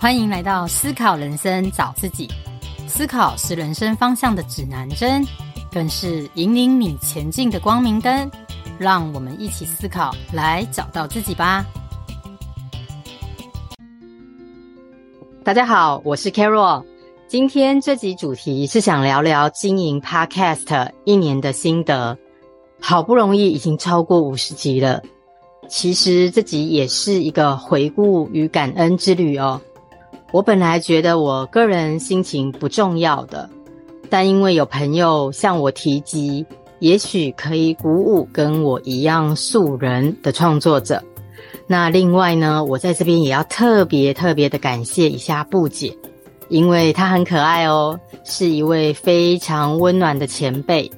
歡迎來到思考人生，找自己。思考是人生方向的指南針，更是引領你前進的光明燈。讓我們一起思考，來找到自己吧。大家好，我是 Carol。今天這集主題是想聊聊經營 Podcast 一年的心得。好不容易已經超過五十集了，其實這集也是一個回顧與感恩之旅哦。我本來覺得我個人心情不重要的，但因為有朋友向我提及，也許可以鼓舞跟我一樣素人的創作者。那另外呢，我在這邊也要特別特別的感謝一下布姐，因為她很可愛哦，是一位非常溫暖的前輩。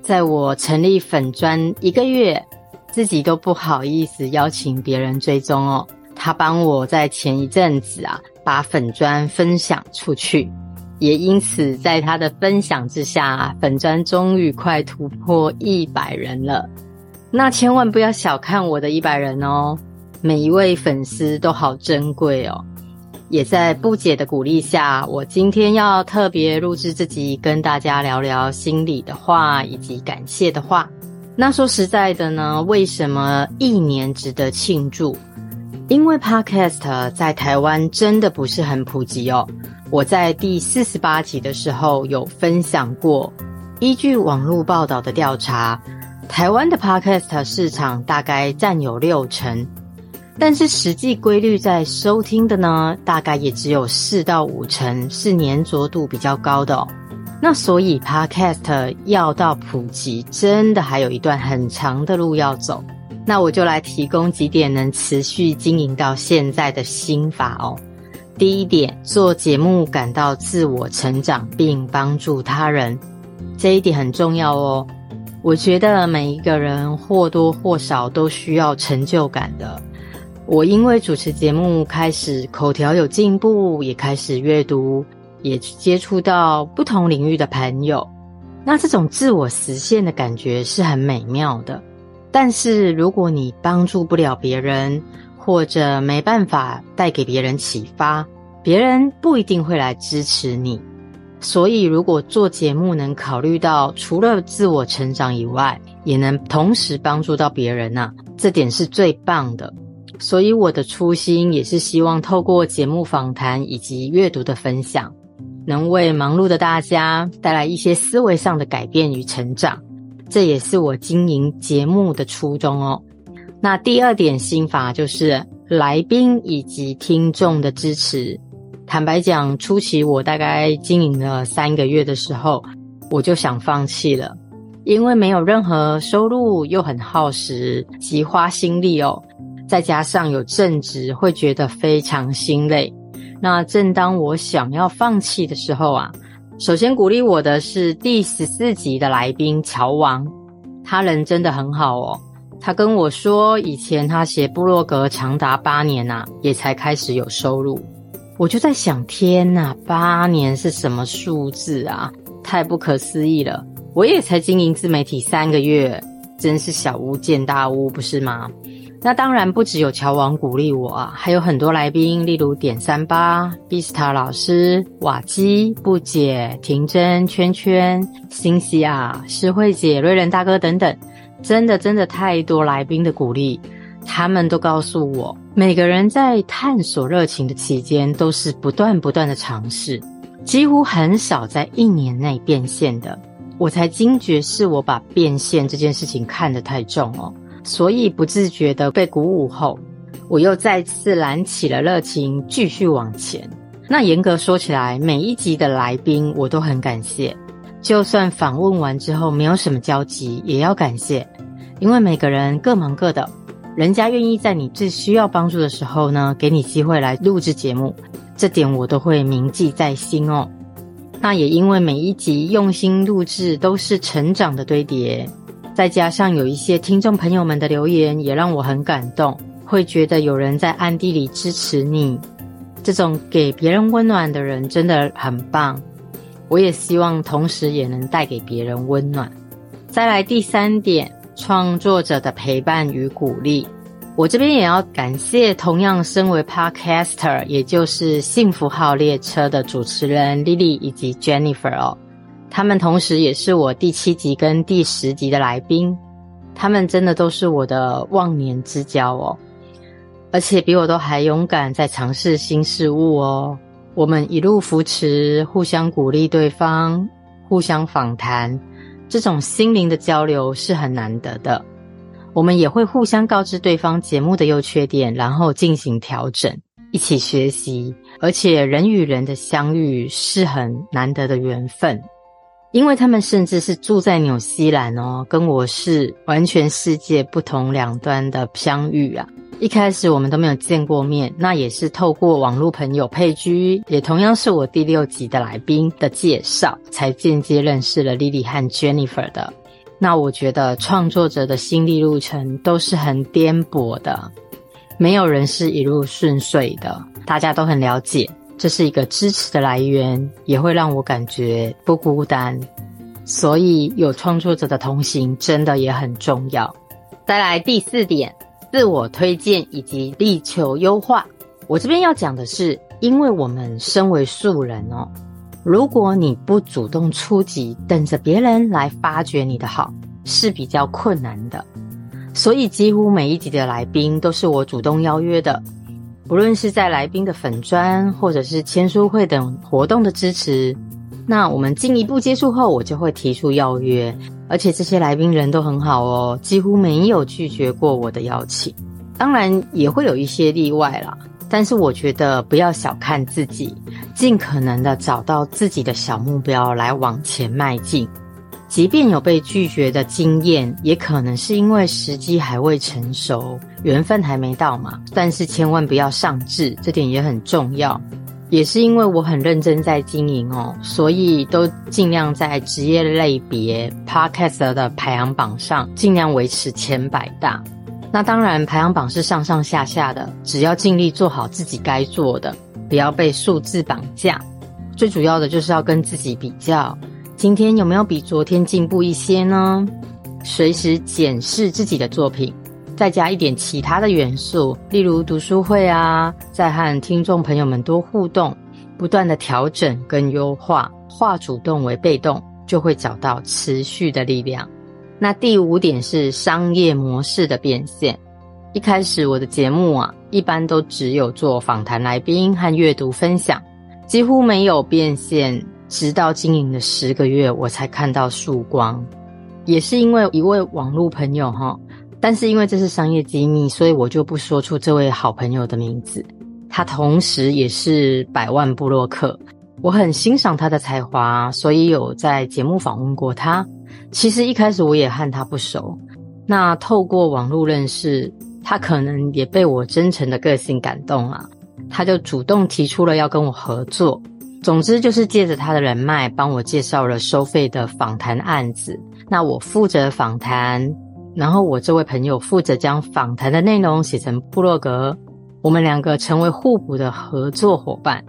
在我成立粉專一個月，自己都不好意思邀請別人追蹤哦，她幫我在前一陣子啊。把粉專分享出去，也因此在他的分享之下，粉專終於快突破一百人了。那千萬不要小看我的一百人哦，每一位粉絲都好珍貴哦。也在不解的鼓勵下，我今天要特別錄製這集，跟大家聊聊心裡的話以及感謝的話。那說實在的呢，為什麼一年值得慶祝？因為 Podcast 在台灣真的不是很普及哦。我在第四十八集的時候有分享過，依據網絡報道的調查，台灣的 Podcast 市場大概占有六成，但是實際規律在收聽的呢，大概也只有四到五成是黏着度比較高的哦。那所以 Podcast 要到普及，真的還有一段很長的路要走。那我就來提供幾點能持續經營到現在的心法哦。第一點，做節目感到自我成長並幫助他人，這一點很重要哦。我覺得每一個人或多或少都需要成就感的。我因為主持節目，開始口條有進步，也開始閱讀，也接觸到不同領域的朋友。那這種自我實現的感覺是很美妙的。但是，如果你幫助不了別人，或者沒辦法帶給別人啟發，別人不一定會來支持你。所以，如果做節目能考慮到除了自我成長以外，也能同時幫助到別人吶、啊，這點是最棒的。所以，我的初心也是希望透過節目訪談以及閱讀的分享，能為忙碌的大家帶來一些思維上的改變與成長。這也是我經營節目的初衷哦。那第二點心法就是來賓以及聽眾的支持。坦白講，初期我大概經營了三個月的時候，我就想放棄了，因為沒有任何收入，又很耗時，極花心力哦。再加上有正職，會覺得非常心累。那正當我想要放棄的時候啊。首先鼓勵我的是第十四集的來賓喬王，他人真的很好哦。他跟我說，以前他寫部落格長達八年吶，也才開始有收入。我就在想，天吶，八年是什麼數字啊？太不可思議了！我也才經營自媒體三個月，真是小巫見大巫，不是嗎？那當然不只有喬王鼓勵我，啊，還有很多來賓，例如點三八、Bista 老師、瓦基、布姐、停真、圈圈、辛西亞、石慧姐、瑞仁大哥等等，真的真的太多來賓的鼓勵，他們都告訴我，每個人在探索熱情的期間都是不斷不斷的嘗試，幾乎很少在一年內變現的，我才驚覺是我把變現這件事情看得太重哦。所以不自覺地被鼓舞後，我又再次燃起了熱情，繼續往前。那嚴格說起來，每一集的來賓我都很感謝，就算訪問完之後沒有什麼交集，也要感謝，因為每個人各忙各的，人家願意在你最需要幫助的時候呢，給你機會來錄製節目，這點我都會銘記在心哦。那也因為每一集用心錄製，都是成長的堆疊。再加上有一些聽眾朋友們的留言，也讓我很感動，會覺得有人在暗地裡支持你。這種給別人溫暖的人真的很棒。我也希望同時也能帶給別人溫暖。再來第三點，創作者的陪伴與鼓勵，我這邊也要感謝同樣身為 Podcaster，也就是幸福號列車的主持人 Lily 以及 Jennifer 哦。他們同時也是我第七集跟第十集的來賓，他們真的都是我的忘年之交哦，而且比我都還勇敢，在嘗試新事物哦。我們一路扶持，互相鼓勵對方，互相訪談，這種心靈的交流是很難得的。我們也會互相告知對方節目的優缺點，然後進行調整，一起學習。而且人與人的相遇是很難得的緣分。因為他們甚至是住在紐西蘭哦，跟我是完全世界不同兩端的相遇啊！一開始我們都沒有見過面，那也是透過網絡朋友配居，也同樣是我第六集的來賓的介紹，才間接認識了 Lily 和 Jennifer 的。那我覺得創作者的心路歷程都是很顛簸的，沒有人是一路順遂的，大家都很了解。這是一個支持的來源，也會讓我感覺不孤單，所以有創作者的同行真的也很重要。再來第四點，自我推薦以及力求優化。我這邊要講的是，因為我們身為素人哦，如果你不主動出擊，等着別人來發掘你的好，是比較困難的。所以幾乎每一集的來賓都是我主動邀約的。不論是在來賓的粉專，或者是簽書會等活動的支持，那我們進一步接觸後，我就會提出邀約。而且這些來賓人都很好哦，幾乎沒有拒絕過我的邀請。當然也會有一些例外啦，但是我覺得不要小看自己，盡可能的找到自己的小目標來往前邁進。即便有被拒絕的經驗，也可能是因為時機還未成熟，緣分還沒到嘛。但是千萬不要喪志，這點也很重要。也是因為我很認真在經營哦，所以都儘量在職業類別 Podcast 的排行榜上儘量維持前百大。那當然，排行榜是上上下下的，只要盡力做好自己該做的，不要被數字綁架。最主要的就是要跟自己比較。今天有沒有比昨天進步一些呢？隨時檢視自己的作品，再加一點其他的元素，例如讀書會啊，再和聽眾朋友們多互動，不斷的調整跟優化，化主動為被動，就會找到持續的力量。那第五點是商業模式的變現。一開始我的節目啊，一般都只有做訪談來賓和閱讀分享，幾乎沒有變現。直到經營了十個月，我才看到曙光。也是因為一位網絡朋友哈，但是因為這是商業機密，所以我就不說出這位好朋友的名字。他同時也是百萬部落客，我很欣賞他的才華，所以有在節目訪問過他。其實一開始我也和他不熟，那透過網絡認識他，可能也被我真誠的個性感動了啊，他就主動提出了要跟我合作。總之就是借着他的人脈，幫我介紹了收費的訪談案子。那我負責訪談，然後我這位朋友負責將訪談的內容寫成部落格。我們兩個成為互補的合作夥伴。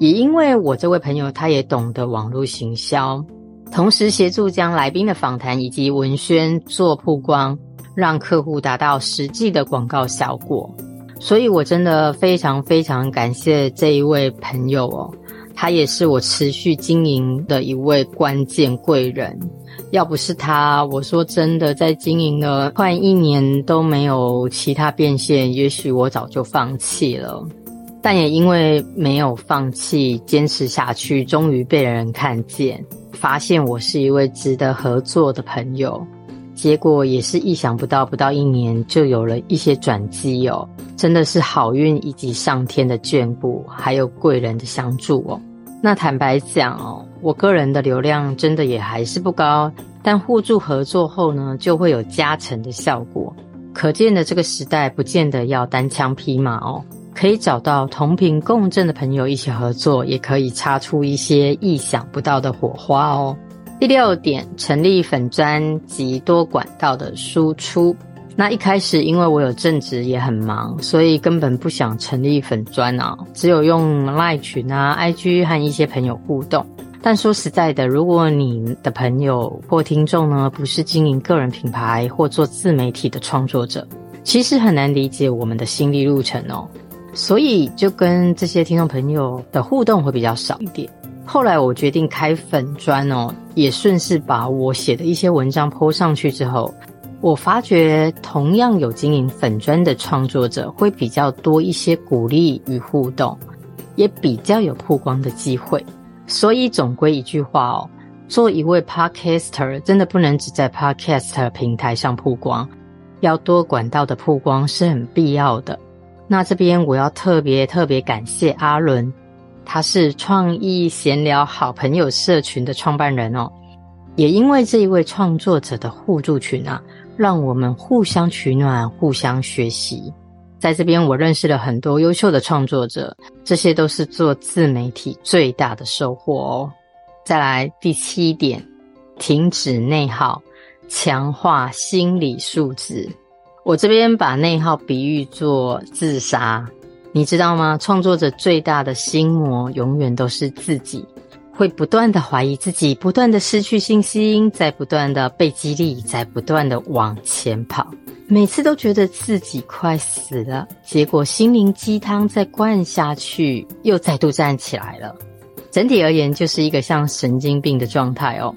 也因為我這位朋友，他也懂得網絡行銷，同時協助將來賓的訪談以及文宣做曝光，讓客戶達到實際的廣告效果。所以，我真的非常非常感謝這一位朋友哦。他也是我持續經營的一位關鍵貴人，要不是他，我說真的，在經營了快一年都沒有其他變現，也許我早就放棄了。但也因為沒有放棄，堅持下去，終於被人看見，發現我是一位值得合作的朋友。結果也是意想不到，不到一年就有了一些轉機哦，真的是好運以及上天的眷顧，還有貴人的相助哦。那坦白講哦，我個人的流量真的也還是不高，但互助合作後呢，就會有加成的效果。可見的這個時代，不見得要單槍匹馬哦，可以找到同頻共振的朋友一起合作，也可以擦出一些意想不到的火花哦。第六點，成立粉專及多管道的輸出。那一開始，因為我有正職也很忙，所以根本不想成立粉專哦、啊，只有用 LINE 群啊、IG 和一些朋友互動。但說實在的，如果你的朋友或聽眾呢，不是經營個人品牌或做自媒體的創作者，其實很難理解我們的心路歷程哦。所以就跟這些聽眾朋友的互動會比較少一點。後來我決定開粉專哦，也順勢把我寫的一些文章 PO 上去之後，我發覺同樣有經營粉專的創作者會比較多一些鼓勵與互動，也比較有曝光的機會。所以總歸一句話哦，做一位 Podcaster 真的不能只在 Podcaster 平台上曝光，要多管道的曝光是很必要的。那這邊我要特別特別感謝阿倫。他是創意閒聊好朋友社群的創辦人哦，也因為這一位創作者的互助群啊，讓我們互相取暖、互相學習。在這邊，我認識了很多優秀的創作者，這些都是做自媒體最大的收穫哦。再來第七點，停止內耗，強化心理素質。我這邊把內耗比喻做自殺。你知道嗎？創作者最大的心魔，永遠都是自己，會不斷地懷疑自己，不斷地失去信心，在不斷地被激勵，在不斷地往前跑，每次都覺得自己快死了，結果心靈雞湯再灌下去，又再度站起來了。整體而言，就是一個像神經病的狀態哦，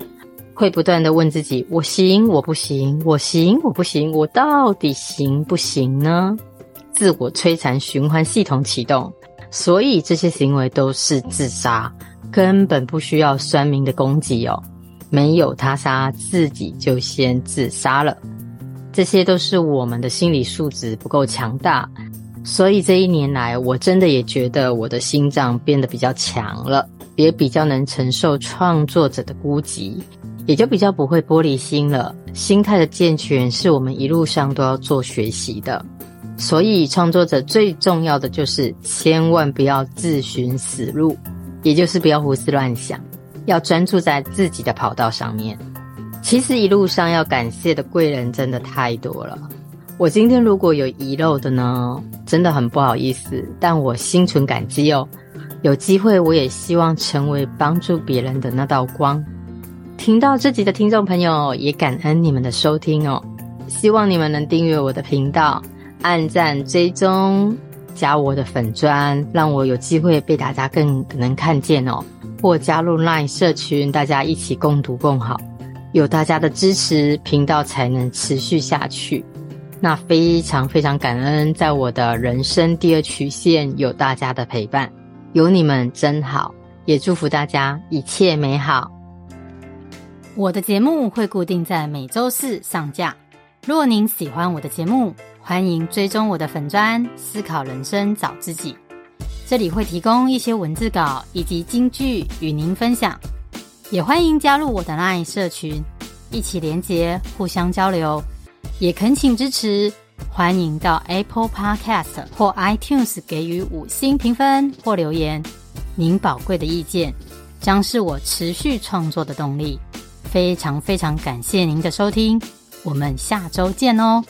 會不斷地問自己：我行，我不行；我行，我不行；我到底行不行呢？自我摧殘循環系統啟動，所以這些行為都是自殺，根本不需要酸民的攻擊哦。沒有他殺，自己就先自殺了。這些都是我們的心理素質不夠強大，所以這一年來，我真的也覺得我的心臟變得比較強了，也比較能承受創作者的孤寂，也就比較不會玻璃心了。心態的健全是我們一路上都要做學習的。所以，創作者最重要的就是千萬不要自尋死路，也就是不要胡思亂想，要專注在自己的跑道上面。其實一路上要感謝的貴人真的太多了，我今天如果有遺漏的呢，真的很不好意思，但我心存感激哦。有機會我也希望成為幫助別人的那道光。聽到這集的聽眾朋友，也感恩你們的收聽哦，希望你們能訂閱我的頻道。按讚追蹤加我的粉專，讓我有機會被大家更能看見哦。或加入 LINE 社群，大家一起共讀共好，有大家的支持，頻道才能持續下去。那非常非常感恩，在我的人生第二曲線有大家的陪伴，有你們真好。也祝福大家一切美好。我的節目會固定在每周四上架。若您喜歡我的節目，歡迎追蹤我的粉專，思考人生，找自己。這裡會提供一些文字稿以及金句與您分享。也歡迎加入我的 LINE 社群，一起連接，互相交流。也懇請支持，歡迎到 Apple Podcast 或 iTunes 給予五星評分或留言。您寶貴的意見將是我持續創作的動力。非常非常感謝您的收聽，我們下周見哦。